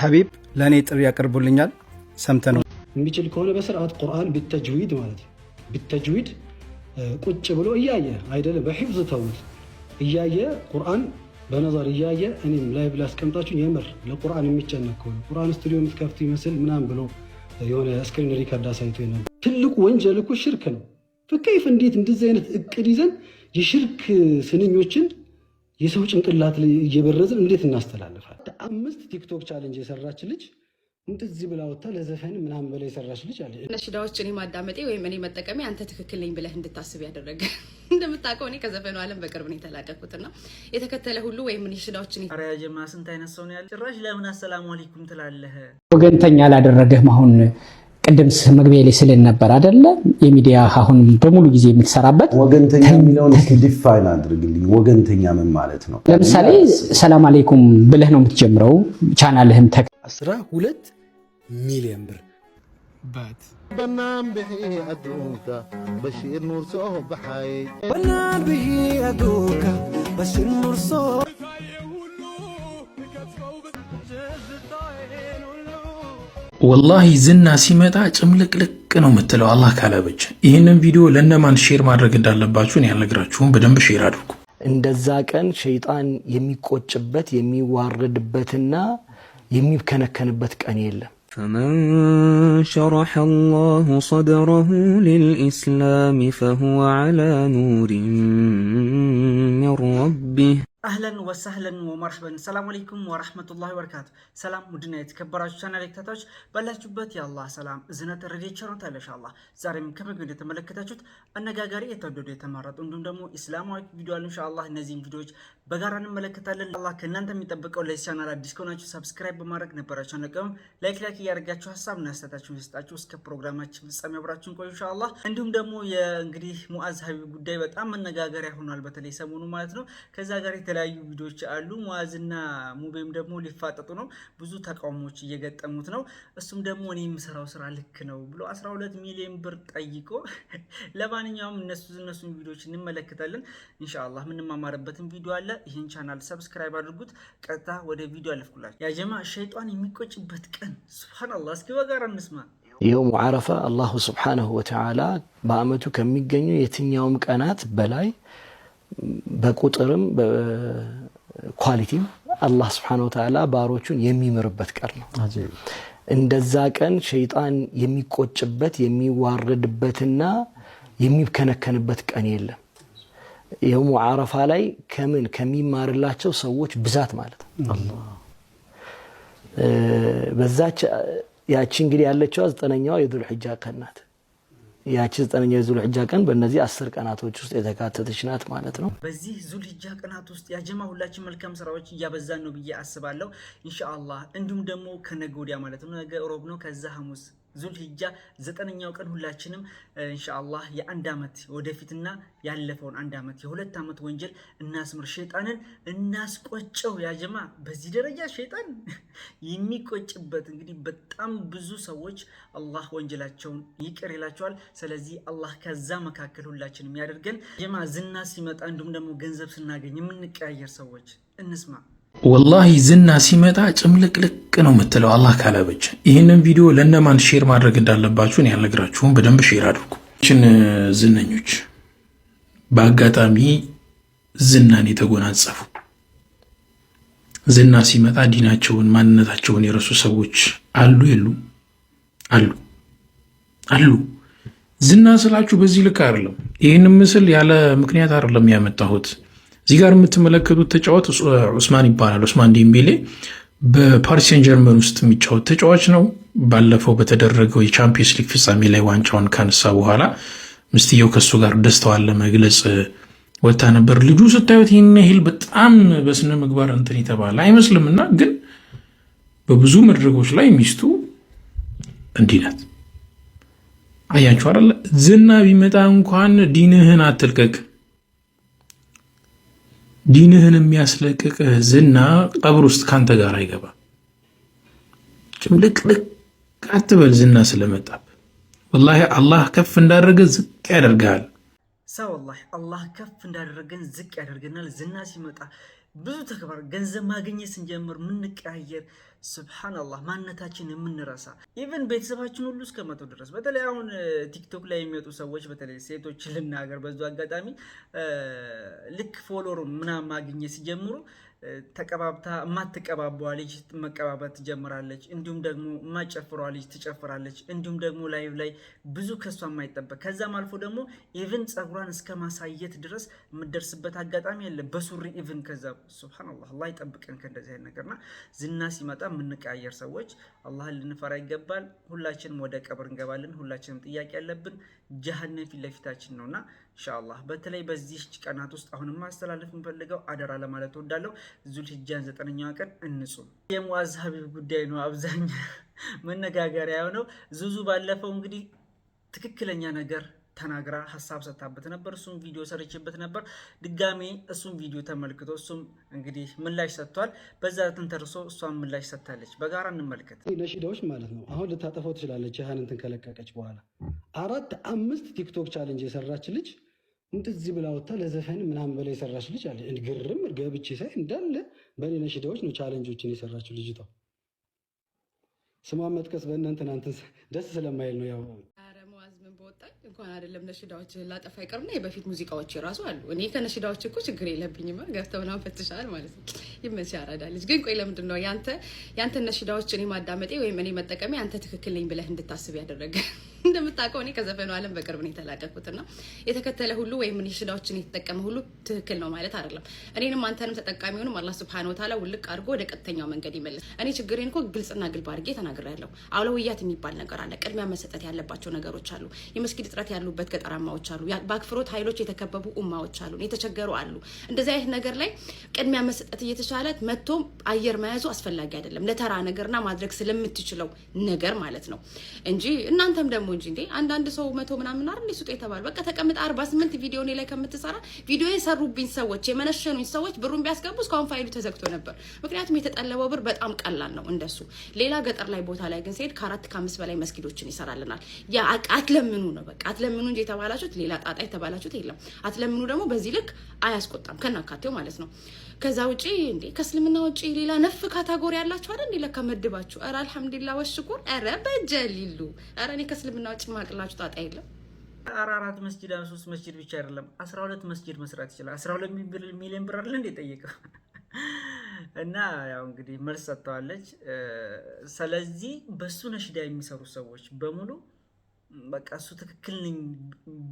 ሀቢብ ለእኔ ጥሪ ያቀርቡልኛል። ሰምተ ነው የሚችል ከሆነ በስርዓት ቁርአን ብተጅዊድ ማለት ብተጅዊድ ቁጭ ብሎ እያየ አይደለም፣ በሒፍዝ ተውት እያየ ቁርአን በነዛር እያየ እኔም ላይ ብላ ላስቀምጣችሁ የምር ለቁርአን የሚጨነቅ ከሆነ ቁርአን ስቱዲዮ የምትከፍቱ ይመስል ምናምን ብሎ የሆነ ስክሪን ሪከርድ አሳይቶ ነው። ትልቁ ወንጀል እኮ ሽርክ ነው። ከይፍ እንዴት እንደዚህ አይነት እቅድ ይዘን የሽርክ ስንኞችን የሰው ጭንቅላት እየበረዝን እንዴት እናስተላልፋል? አምስት ቲክቶክ ቻለንጅ የሰራች ልጅ እንደዚህ ብላ ወጥታ ለዘፈን ምናምን ብላ የሰራች ልጅ አለ። ነሽዳዎች እኔ ማዳመጤ ወይም እኔ መጠቀሜ አንተ ትክክል ነኝ ብለህ እንድታስብ ያደረገ። እንደምታውቀው እኔ ከዘፈኑ ዓለም በቅርብ ነው የተላቀቁት ና የተከተለ ሁሉ ወይም ነሽዳዎች እኔ ጀማ ስንት አይነት ሰው ነው ያለ። ጭራሽ ለምን አሰላሙ አለይኩም ትላለህ? ወገንተኛ ላደረገህ መሆን ቅድም መግቢያ ላይ ስልን ነበር አደለ? የሚዲያ አሁን በሙሉ ጊዜ የምትሰራበት ወገንተኛ የሚለውን ዲፋይን አድርግልኝ። ወገንተኛ ምን ማለት ነው? ለምሳሌ ሰላም አሌይኩም ብለህ ነው የምትጀምረው። ቻናልህም ተ አስራ ሁለት ሚሊዮን ብር ወላሂ ዝና ሲመጣ ጭምልቅልቅ ነው የምትለው አላህ ካላበጀ። ይህንን ቪዲዮ ለእነማን ሼር ማድረግ እንዳለባችሁን ያልነግራችሁም በደንብ ሼር አድርጉ። እንደዛ ቀን ሸይጣን የሚቆጭበት የሚዋረድበትና የሚከነከንበት ቀን የለም። ፈመን ሸረሐ አላሁ ሰድረሁ ሊልኢስላሚ ፈሁወ ዐላ ኑሪን ሚን ረቢህ አህለን ወሳህለን ወመርሐበን ሰላም አለይኩም ወራህመቱላሂ ወበረካቱ። ሰላም ውድና የተከበራችሁ ቻናል ተከታታዮች ባላችሁበት የአላህ ሰላም እዝነት ረዴቸር ታለሻላ። ዛሬም ከምግብ እንደተመለከታችሁት አነጋጋሪ የተወደዱ የተመረጡ እንዲሁም ደግሞ ኢስላማዊ ቪዲዮ አሉ። ኢንሻአላህ እነዚህን ቪዲዮዎች በጋራ እንመለከታለን። አላህ ከእናንተ የሚጠብቀው ለዚህ ቻናል አዲስ ከሆናችሁ ሰብስክራይብ በማድረግ ነበራችሁን ለቀም ላይክ ላይክ እያደረጋችሁ ሀሳብ እና አስተያየታችሁን ሰጣችሁ እስከ ፕሮግራማችን ፍጻሜ አብራችሁን ቆዩ ኢንሻአላህ። እንዲሁም ደግሞ የእንግዲህ ሙአዝ ሀቢብ ጉዳይ በጣም መነጋገሪያ ሆኗል፣ በተለይ ሰሞኑ ማለት ነው። ከዛ ጋር የተለያዩ ቪዲዮዎች አሉ። ሙአዝና ሙቤም ደግሞ ሊፋጠጡ ነው፣ ብዙ ተቃውሞዎች እየገጠሙት ነው። እሱም ደግሞ እኔ የምሰራው ስራ ልክ ነው ብሎ 12 ሚሊዮን ብር ጠይቆ ለማንኛውም እነሱ እነሱን ቪዲዮዎች እንመለከታለን ኢንሻአላህ። የምንማማርበትን ቪዲዮ አለ ይህን ቻናል ሰብስክራይብ አድርጉት። ቀጥታ ወደ ቪዲዮ አለፍኩላችሁ። ያ ጀማ ሸይጣን የሚቆጭበት ቀን ሱብሃነላህ። እስኪ በጋራ እንስማ። የውም ዓረፋ አላሁ ስብሓነሁ ወተዓላ በአመቱ ከሚገኙ የትኛውም ቀናት በላይ በቁጥርም በኳሊቲም አላህ ስብሓነሁ ወተዓላ ባሮቹን የሚምርበት ቀን ነው። እንደዛ ቀን ሸይጣን የሚቆጭበት የሚዋረድበትና የሚከነከንበት ቀን የለም። የውሙ ዓረፋ ላይ ከምን ከሚማርላቸው ሰዎች ብዛት ማለት ነው። በዛች ያቺ እንግዲህ ያለችዋ ዘጠነኛዋ የዙል ሕጃ ቀን ናት። ያቺ ዘጠነኛ የዙል ሕጃ ቀን በእነዚህ አስር ቀናቶች ውስጥ የተካተተች ናት ማለት ነው። በዚህ ዙል ሕጃ ቀናት ውስጥ ያጀማ ሁላችን መልካም ስራዎች እያበዛን ነው ብዬ አስባለሁ። ኢንሻአላህ እንዲሁም ደግሞ ከነገ ወዲያ ማለት ነው ነገ ሮብ ነው ከዛ ሐሙስ ዙልሂጃ ዘጠነኛው ቀን ሁላችንም እንሻአላህ የአንድ ዓመት ወደፊትና ያለፈውን አንድ ዓመት የሁለት ዓመት ወንጀል እናስምር፣ ሸይጣንን እናስቆጨው። ያጀማ በዚህ ደረጃ ሸይጣን የሚቆጭበት እንግዲህ በጣም ብዙ ሰዎች አላህ ወንጀላቸውን ይቅር ይላቸዋል። ስለዚህ አላህ ከዛ መካከል ሁላችንም ያደርገን። ጀማ ዝና ሲመጣ እንዲሁም ደግሞ ገንዘብ ስናገኝ የምንቀያየር ሰዎች እንስማ ወላሂ ዝና ሲመጣ ጭምልቅልቅ ነው የምትለው አላህ ካላበጀ። ይህንን ቪዲዮ ለእነማን ሼር ማድረግ እንዳለባችሁን ያልነግራችሁም በደንብ ሼር አድርጉ። ችን ዝነኞች በአጋጣሚ ዝናን የተጎናጸፉ ዝና ሲመጣ ዲናቸውን ማንነታቸውን የረሱ ሰዎች አሉ የሉም? አሉ አሉ። ዝና ስላችሁ በዚህ ልክ አይደለም። ይህን ምስል ያለ ምክንያት አይደለም ያመጣሁት። እዚህ ጋር የምትመለከቱት ተጫዋች ዑስማን ይባላል። ዑስማን ዴምቤሌ በፓሪስ ጀርመን ውስጥ የሚጫወት ተጫዋች ነው። ባለፈው በተደረገው የቻምፒየንስ ሊግ ፍጻሜ ላይ ዋንጫውን ካነሳ በኋላ ምስትየው ከሱ ጋር ደስታዋን ለመግለጽ ወታ ነበር። ልጁ ስታዩት ይህን ያህል በጣም በስነ ምግባር እንትን የተባለ አይመስልምና ግን በብዙ መድረጎች ላይ ሚስቱ እንዲህ ናት። አያችሁ አይደለ? ዝና ቢመጣ እንኳን ዲንህን አትልቀቅ ዲንህን የሚያስለቅቅህ ዝና ቀብር ውስጥ ካንተ ጋር አይገባ። ጭምልቅልቅ አትበል ዝና ስለመጣብ። ወላሂ አላህ ከፍ እንዳደረገ ዝቅ ያደርግሃል። ሰው ወላሂ አላህ ከፍ እንዳደረገን ዝቅ ያደርገናል ዝና ሲመጣ ብዙ ተግባር ገንዘብ ማግኘት ስንጀምር የምንቀያየር ስብሓንላህ ማንነታችን የምንረሳ ኢቨን ቤተሰባችን ሁሉ እስከ መቶ ድረስ በተለይ አሁን ቲክቶክ ላይ የሚወጡ ሰዎች በተለይ ሴቶች ልናገር በዙ አጋጣሚ ልክ ፎሎሮ ምናምን ማግኘት ሲጀምሩ ተቀባብታ የማትቀባቧ ልጅ መቀባባት ትጀምራለች። እንዲሁም ደግሞ የማጨፍሯ ልጅ ትጨፍራለች። እንዲሁም ደግሞ ላይቭ ላይ ብዙ ከሷ የማይጠበቅ ከዛም አልፎ ደግሞ ኢቭን ጸጉሯን እስከ ማሳየት ድረስ የምደርስበት አጋጣሚ የለም። በሱሪ ኢቭን ከዛ ሱብሃነላህ አላህ ይጠብቀን ከእንደዚህ አይነት ነገርና ዝና ሲመጣ የምንቀያየር ሰዎች አላህን ልንፈራ ይገባል። ሁላችንም ወደ ቀብር እንገባለን። ሁላችንም ጥያቄ ያለብን ጀሃነም ፊት ለፊታችን ነውና ኢንሻአላህ በተለይ በዚህ ቀናት ውስጥ አሁን ማስተላለፍ የምፈልገው አደራ ለማለት እወዳለሁ። ዙልሂጃን ዘጠነኛዋ ቀን እንጹም። የሙአዝ ሀቢብ ጉዳይ ነው አብዛኛ መነጋገሪያ የሆነው። ዙዙ ባለፈው እንግዲህ ትክክለኛ ነገር ተናግራ ሀሳብ ሰታበት ነበር። እሱም ቪዲዮ ሰርችበት ነበር። ድጋሜ እሱም ቪዲዮ ተመልክቶ እሱም እንግዲህ ምላሽ ሰጥቷል። በዛ ተንተርሶ እሷም ምላሽ ሰጥታለች። በጋራ እንመልከት። ነሺዳዎች ማለት ነው። አሁን ልታጠፈው ትችላለች። ያህን እንትን ከለቀቀች በኋላ አራት አምስት ቲክቶክ ቻለንጅ የሰራች ልጅ እንደዚህ ብላ ወጥታ ለዘፈን ምናምን በላይ የሰራች ልጅ አለ። ግርም ገብቼ ሳይ እንዳለ በሌለ ሽዳዎች ነው ቻለንጆችን የሰራችው ልጅቷ። ስሟን መጥቀስ በእናንተን አንተን ደስ ስለማይል ነው ያው ምን በወጣኝ እንኳን አይደለም ነሽዳዎችህን ላጠፋ ይቀርና የበፊት ሙዚቃዎች የራሱ አሉ። እኔ ከነሽዳዎች እኮ ችግር የለብኝም ገብተው ምናምን ፈትሻል ማለት ነው። ይመችህ ያራዳ ልጅ። ግን ቆይ ለምንድን ነው ያንተ ነሽዳዎች እኔ ማዳመጤ ወይም እኔ መጠቀሜ አንተ ትክክል ነኝ ብለህ እንድታስብ ያደረገ? እንደምታውቀው እኔ ከዘፈኑ ዓለም በቅርብ ነው የተላቀኩት እና የተከተለ ሁሉ ወይም ነሽዳዎችን የተጠቀመ ሁሉ ትክክል ነው ማለት አይደለም። እኔንም አንተንም ተጠቃሚውንም አላህ ሱብሃነሁ ወተዓላ ውልቅ አድርጎ ወደ ቀጥተኛው መንገድ ይመልስ። እኔ ችግሬን እኮ ግልጽና ግልብ አድርጌ ተናግሬያለሁ። አውለውያት የሚባል ነገር አለ። ቅድሚያ መሰጠት ያለባቸው ነገሮች አሉ። የመስጊድ እጥረት ያሉበት ገጠራማዎች አሉ። በአክፍሮት ኃይሎች የተከበቡ ኡማዎች አሉ፣ የተቸገሩ አሉ። እንደዚህ አይነት ነገር ላይ ቅድሚያ መሰጠት እየተቻለ መጥቶ አየር መያዙ አስፈላጊ አይደለም፣ ለተራ ነገርና ማድረግ ስለምትችለው ነገር ማለት ነው እንጂ እናንተም ደግሞ እንጂ እንዴ አንዳንድ ሰው መቶ ምናምን አይደል ሱጥ የተባሉ በቃ ተቀምጠ አርባ ስምንት ቪዲዮ ላይ ከምትሰራ ቪዲዮ የሰሩብኝ ሰዎች የመነሸኑኝ ሰዎች ብሩን ቢያስገቡ እስካሁን ፋይሉ ተዘግቶ ነበር። ምክንያቱም የተጠለበው ብር በጣም ቀላል ነው እንደሱ። ሌላ ገጠር ላይ ቦታ ላይ ግን ሲሄድ ከአራት ከአምስት በላይ መስጊዶችን ይሰራልናል። ያ አትለም አትለምኑ ነው በቃ አትለምኑ እንጂ የተባላችሁት ሌላ ጣጣ የተባላችሁት የለም። አትለምኑ ደግሞ በዚህ ልክ አያስቆጣም ከናካቴው ማለት ነው። ከዛ ውጪ እንዴ ከእስልምና ውጪ ሌላ ነፍ ካታጎሪ ያላችሁ አይደል? ለካ መድባችሁ። ኧረ አልሐምዱሊላህ ወሽኩር። ኧረ በጀሊሉ ኧረ እኔ ከእስልምና ውጪ ማቅላችሁ ጣጣ የለም። አራት መስጂድ ሶስት መስጂድ ብቻ አይደለም አስራ ሁለት መስጂድ መስራት ይችላል። አስራ ሁለት ሚሊዮን ብር አለ እንዴ ጠየቀው እና ያው እንግዲህ መልስ ሰጥተዋለች። ስለዚህ በሱ ነሽዳ የሚሰሩ ሰዎች በሙሉ በቃ እሱ ትክክል ነኝ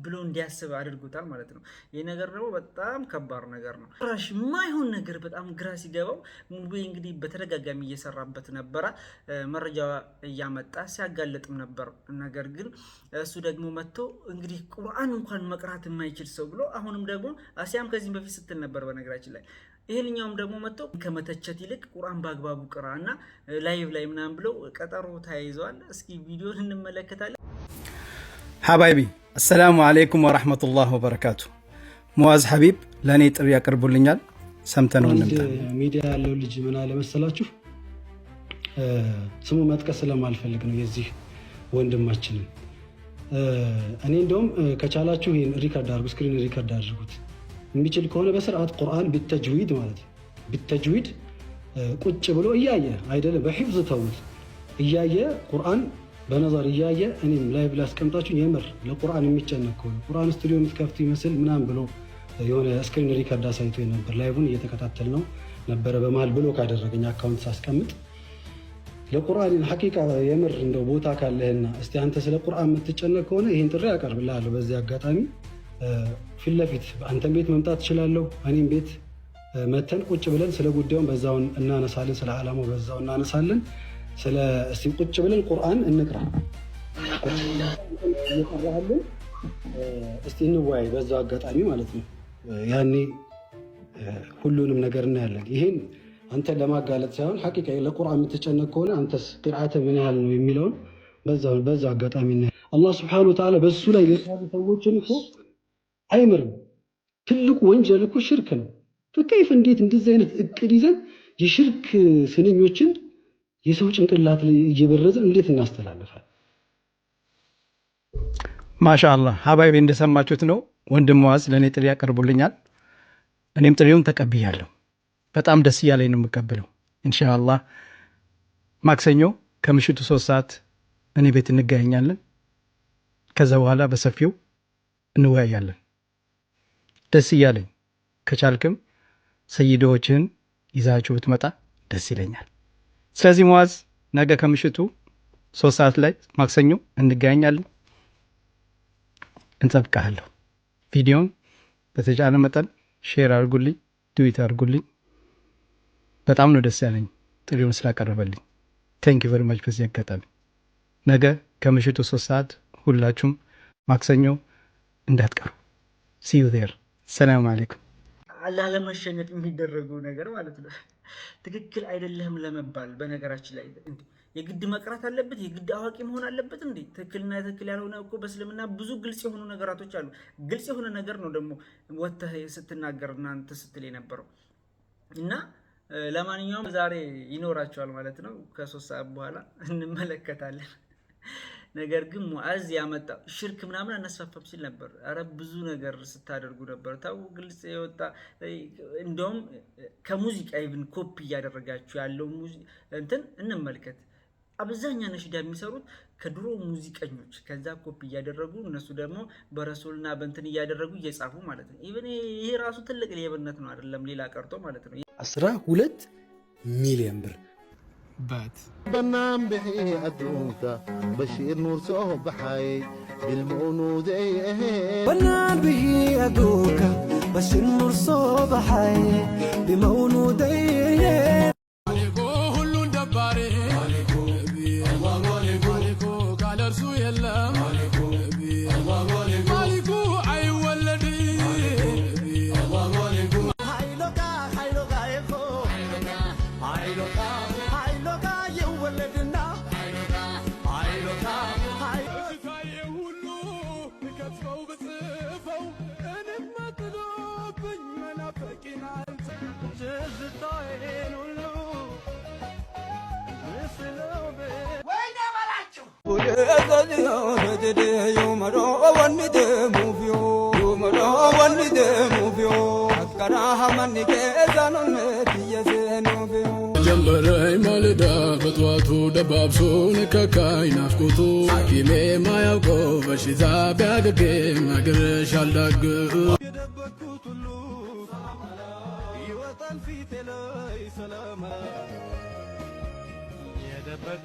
ብሎ እንዲያስብ አድርጎታል ማለት ነው። ይህ ነገር ደግሞ በጣም ከባድ ነገር ነው። ራሽ የማይሆን ነገር በጣም ግራ ሲገባው ሙቤ እንግዲህ በተደጋጋሚ እየሰራበት ነበረ፣ መረጃ እያመጣ ሲያጋለጥም ነበር። ነገር ግን እሱ ደግሞ መጥቶ እንግዲህ ቁርአን እንኳን መቅራት የማይችል ሰው ብሎ አሁንም ደግሞ አሲያም ከዚህም በፊት ስትል ነበር በነገራችን ላይ ይህንኛውም ደግሞ መጥቶ ከመተቸት ይልቅ ቁርአን በአግባቡ ቅራ እና ላይቭ ላይ ምናምን ብለው ቀጠሮ ተያይዘዋል። እስኪ ቪዲዮን እንመለከታለን። ሐባይቢ አሰላሙ ዓለይኩም ወራህመቱላህ ወበረካቱ። ሙአዝ ሐቢብ ለእኔ ጥሪ ያቀርቡልኛል። ሰምተነው ሚዲያ ያለው ልጅ ምን አለ መሰላችሁ? ስሙ መጥቀስ ስለማልፈልግ ነው የዚህ ወንድማችንን። እኔ እንደውም ከቻላችሁ ይህን ሪከርድ አድርጉ፣ ስክሪን ሪከርድ አድርጉት። የሚችል ከሆነ በስርዓት ቁርአን ብተጅዊድ ማለት ነው ብተጅዊድ ቁጭ ብሎ እያየ አይደለም በሒፍዝ ተውት እያየ ቁርአን በነዛር እያየ እኔም ላይቭ ላስቀምጣችሁ የምር ለቁርአን የሚጨነቅ ከሆነ ቁርአን ስቱዲዮ የምትከፍቱ ይመስል ምናምን ብሎ የሆነ ስክሪን ሪከርድ አሳይቶ ነበር። ላይቡን እየተከታተል ነው ነበረ። በመሀል ብሎ ካደረገኝ አካውንት ሳስቀምጥ ለቁርአን ሐቂቃ የምር እንደው ቦታ ካለህና እስቲ አንተ ስለ ቁርአን የምትጨነቅ ከሆነ ይህን ጥሪ አቀርብልሃለሁ። በዚህ አጋጣሚ ፊት ለፊት አንተን ቤት መምጣት እችላለሁ። እኔም ቤት መተን ቁጭ ብለን ስለ ጉዳዩን በዛውን እናነሳለን፣ ስለ ዓላማው በዛው እናነሳለን። ስለ እስቲ ቁጭ ብለን ቁርአን እንቅራ እየቀራሃለን እስቲ እንወያይ በዛው አጋጣሚ ማለት ነው። ያኔ ሁሉንም ነገር እናያለን። ይህን አንተ ለማጋለጥ ሳይሆን ሐቂቃ ለቁርአን የምትጨነቅ ከሆነ አንተስ ቅርአት ምን ያህል ነው የሚለውን በዛው አጋጣሚ እናያለን። አላህ ስብሐነሁ ወተዓላ በሱ ላይ የሳሉ ሰዎችን እኮ አይምርም። ትልቁ ወንጀል እኮ ሽርክ ነው። ከይፍ እንዴት እንደዚህ አይነት እቅድ ይዘን የሽርክ ስንኞችን የሰው ጭንቅላት ላይ እየበረዝን እንዴት እናስተላልፋል? ማሻአላህ ሀባይቤ እንደሰማችሁት ነው። ወንድም ዋዝ ለእኔ ጥሪ ያቀርቡልኛል። እኔም ጥሪውን ተቀብያለሁ። በጣም ደስ እያለኝ ነው የምቀብለው። እንሻላ ማክሰኞ ከምሽቱ ሶስት ሰዓት እኔ ቤት እንገናኛለን። ከዛ በኋላ በሰፊው እንወያያለን። ደስ እያለኝ ከቻልክም ሰይዶዎችህን ይዛችሁ ብትመጣ ደስ ይለኛል። ስለዚህ መዋዝ ነገ ከምሽቱ ሶስት ሰዓት ላይ ማክሰኞ እንገናኛለን። እንጠብቃለሁ። ቪዲዮን በተቻለ መጠን ሼር አድርጉልኝ፣ ድዊት አድርጉልኝ። በጣም ነው ደስ ያለኝ ጥሪውን ስላቀረበልኝ። ቴንክ ዩ ቨሪ ማች። በዚህ አጋጣሚ ነገ ከምሽቱ ሶስት ሰዓት ሁላችሁም ማክሰኞ እንዳትቀሩ። ሲዩ ዜር። ሰላም አሌይኩም። ላለመሸነፍ የሚደረገው ነገር ማለት ነው። ትክክል አይደለህም ለመባል በነገራችን ላይ የግድ መቅራት አለበት፣ የግድ አዋቂ መሆን አለበት እንዴ? ትክክልና ትክክል ያልሆነ እኮ በእስልምና ብዙ ግልጽ የሆኑ ነገራቶች አሉ። ግልጽ የሆነ ነገር ነው ደግሞ ወተህ ስትናገር እናንተ ስትል የነበረው እና ለማንኛውም ዛሬ ይኖራቸዋል ማለት ነው። ከሶስት ሰዓት በኋላ እንመለከታለን። ነገር ግን ሙዓዝ ያመጣ ሽርክ ምናምን አናስፋፋም ሲል ነበር። አረ ብዙ ነገር ስታደርጉ ነበር። ታው ግልጽ የወጣ እንደውም ከሙዚቃ ይብን ኮፒ እያደረጋችሁ ያለው እንትን እንመልከት። አብዛኛ ነሽዳ የሚሰሩት ከድሮ ሙዚቀኞች ከዛ ኮፒ እያደረጉ እነሱ ደግሞ በረሶልና በንትን እያደረጉ እየጻፉ ማለት ነው። ኢቨን ይሄ ራሱ ትልቅ ሌብነት ነው፣ አይደለም ሌላ ቀርቶ ማለት ነው። አስራ ሁለት ሚሊዮን ብር bad banaan bixi adduunka bashiir nuur soo baxay bilma unuuday aheedbanaan bixi adduunka bashiir nuur soo baxay bima unuuday aheed ጀንበረይ ማልዳ በጥዋቱ ደባብሶ ንከካይ ናፍቁቱ ሐኪሜ ማያውቀው በሽታ ቢያገጌ ማግረሽ አልዳግፍ የደበኩት ሁሉ ይወጣል ፊቴ ላይ ሰላም የደበኩት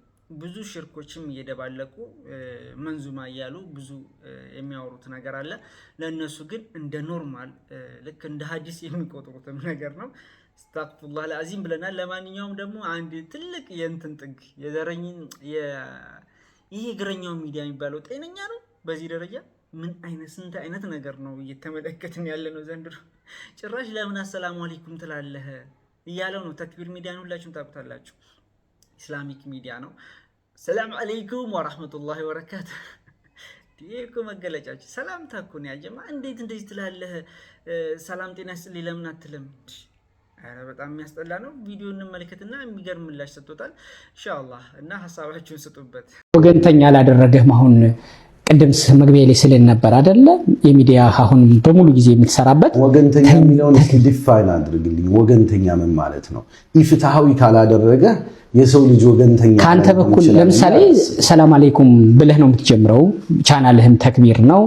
ብዙ ሽርኮችም እየደባለቁ መንዙማ እያሉ ብዙ የሚያወሩት ነገር አለ። ለእነሱ ግን እንደ ኖርማል ልክ እንደ ሀዲስ የሚቆጥሩትም ነገር ነው። ስታክፉላ ለአዚም ብለናል። ለማንኛውም ደግሞ አንድ ትልቅ የእንትን ጥግ የዘረኝ ይህ እግረኛው ሚዲያ የሚባለው ጤነኛ ነው በዚህ ደረጃ ምን አይነት ስንት አይነት ነገር ነው እየተመለከትን ያለ ነው ዘንድሮ። ጭራሽ ለምን አሰላሙ አለይኩም ትላለህ እያለው ነው። ተክቢር ሚዲያን ሁላችሁም ታውቁታላችሁ። ኢስላሚክ ሚዲያ ነው። ሰላም አለይኩም ወራህመቱላሂ ወበረካቱ። ይሄ እኮ መገለጫችን ሰላምታ እኮ ነው። ያጀማ እንዴት እንደዚህ ትላለህ? ሰላም ጤና ይስጥልኝ ለምን አትልም? ኧረ በጣም የሚያስጠላ ነው። ቪዲዮ እንመልከትና የሚገርም ምላሽ ሰጥቶታል ኢንሻአላህ እና ሀሳባችሁን ስጡበት። ወገንተኛ ላደረገህ አሁን ቅድም መግቢያ ላይ ስልን ነበር አይደለ? የሚዲያ አሁን በሙሉ ጊዜ የምትሰራበት ወገንተኛ የሚለውን ዲፋይን አድርግልኝ። ወገንተኛ ምን ማለት ነው? ኢፍትሐዊ ካላደረገ የሰው ልጅ ወገንተኛ ከአንተ በኩል ለምሳሌ ሰላም አለይኩም ብለህ ነው የምትጀምረው። ቻናልህም ተክቢር ነው።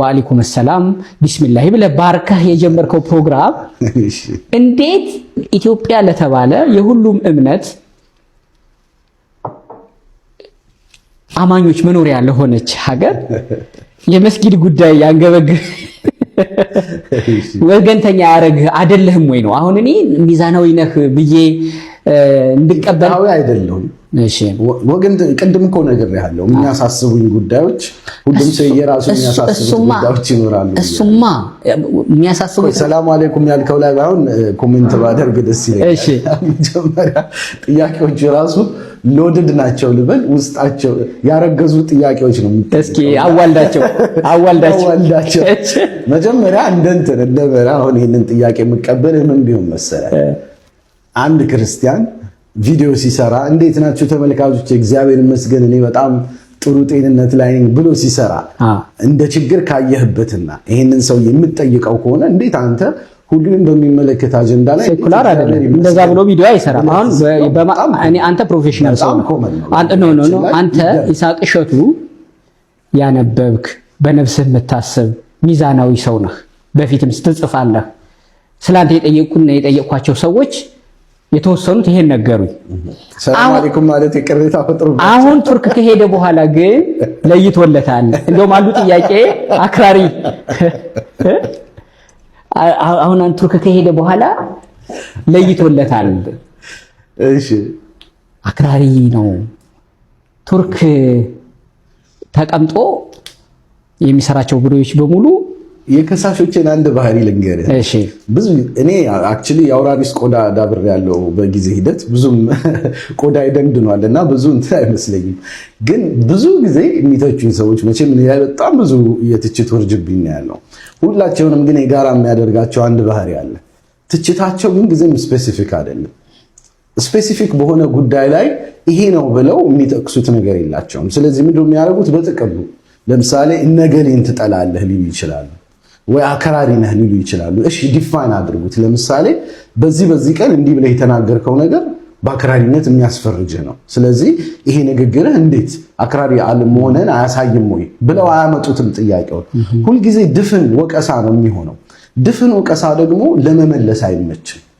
ወአለይኩም ሰላም ቢስሚላሂ ብለህ ባርከህ የጀመርከው ፕሮግራም እንዴት ኢትዮጵያ ለተባለ የሁሉም እምነት አማኞች መኖሪያ ለሆነች ሀገር የመስጊድ ጉዳይ ያንገበግህ ወገንተኛ ያደረግህ አይደለህም ወይ ነው? አሁን እኔ ሚዛናዊ ነህ ብዬ እንድቀበል አይደለሁም። ወገን ቅድም እኮ ነገር ያለው የሚያሳስቡኝ ጉዳዮች ሁሉም ሰው የራሱ የሚያሳስቡት ጉዳዮች ይኖራሉ። እሱማ የሚያሳስቡኝ ሰላሙ አለይኩም ያልከው ላይ ባይሆን ኮሜንት ባደርግ ደስ ይለኛል። መጀመሪያ ጥያቄዎች ራሱ ሎድድ ናቸው ልበል፣ ውስጣቸው ያረገዙ ጥያቄዎች ነው። እስኪ አዋልዳቸው አዋልዳቸው መጀመሪያ እንደንትን እንደበራ አሁን ይህንን ጥያቄ የምቀበል ምን ቢሆን መሰለህ አንድ ክርስቲያን ቪዲዮ ሲሰራ እንዴት ናቸው ተመልካቾች፣ እግዚአብሔር ይመስገን እኔ በጣም ጥሩ ጤንነት ላይ ነኝ ብሎ ሲሰራ እንደ ችግር ካየህበትና ይህንን ሰው የምትጠይቀው ከሆነ እንዴት አንተ ሁሉንም በሚመለከት አጀንዳ ላይ ሴኩላር አይደለም፣ እንደዛ ብሎ ቪዲዮ አይሰራም። አሁን እኔ አንተ ፕሮፌሽናል ሰው ነው። አንተ ይስሐቅ እሸቱ ያነበብክ በነፍስህ የምታስብ ሚዛናዊ ሰው ነህ። በፊትም ስትጽፋለህ። ስላንተ የጠየቁና የጠየቅኳቸው ሰዎች የተወሰኑት ይሄን ነገሩኝ። ሰላም አለይኩም ማለት የቅሬታ ፈጥሩ። አሁን ቱርክ ከሄደ በኋላ ግን ለይቶለታል። እንደውም አሉ ጥያቄ አክራሪ አሁን ቱርክ ከሄደ በኋላ ለይቶለታል። እሺ አክራሪ ነው። ቱርክ ተቀምጦ የሚሰራቸው ጉዳዮች በሙሉ የከሳሾችን አንድ ባህሪ ልንገር። ብዙ እኔ አክቹዋሊ የአውራሪስ ቆዳ ዳብር ያለው በጊዜ ሂደት ብዙም ቆዳ ይደንድኗል እና ብዙ እንትን አይመስለኝም። ግን ብዙ ጊዜ የሚተቹኝ ሰዎች መቼም በጣም ብዙ የትችት ውርጅብኝ ያለው ሁላቸውንም ግን የጋራ የሚያደርጋቸው አንድ ባህሪ አለ። ትችታቸው ግን ጊዜም ስፔሲፊክ አይደለም። ስፔሲፊክ በሆነ ጉዳይ ላይ ይሄ ነው ብለው የሚጠቅሱት ነገር የላቸውም። ስለዚህ ምንድን የሚያደርጉት በጥቅሉ ለምሳሌ እነ ትጠላለህ ሊሉ ይችላሉ ወይ አከራሪ ነህ ሊሉ ይችላሉ። እሺ ዲፋይን አድርጉት። ለምሳሌ በዚህ በዚህ ቀን እንዲህ ብለህ የተናገርከው ነገር በአክራሪነት የሚያስፈርጅ ነው። ስለዚህ ይሄ ንግግርህ እንዴት አክራሪ አለመሆንን አያሳይም ወይ ብለው አያመጡትም ጥያቄውን። ሁልጊዜ ድፍን ወቀሳ ነው የሚሆነው። ድፍን ወቀሳ ደግሞ ለመመለስ አይመችም።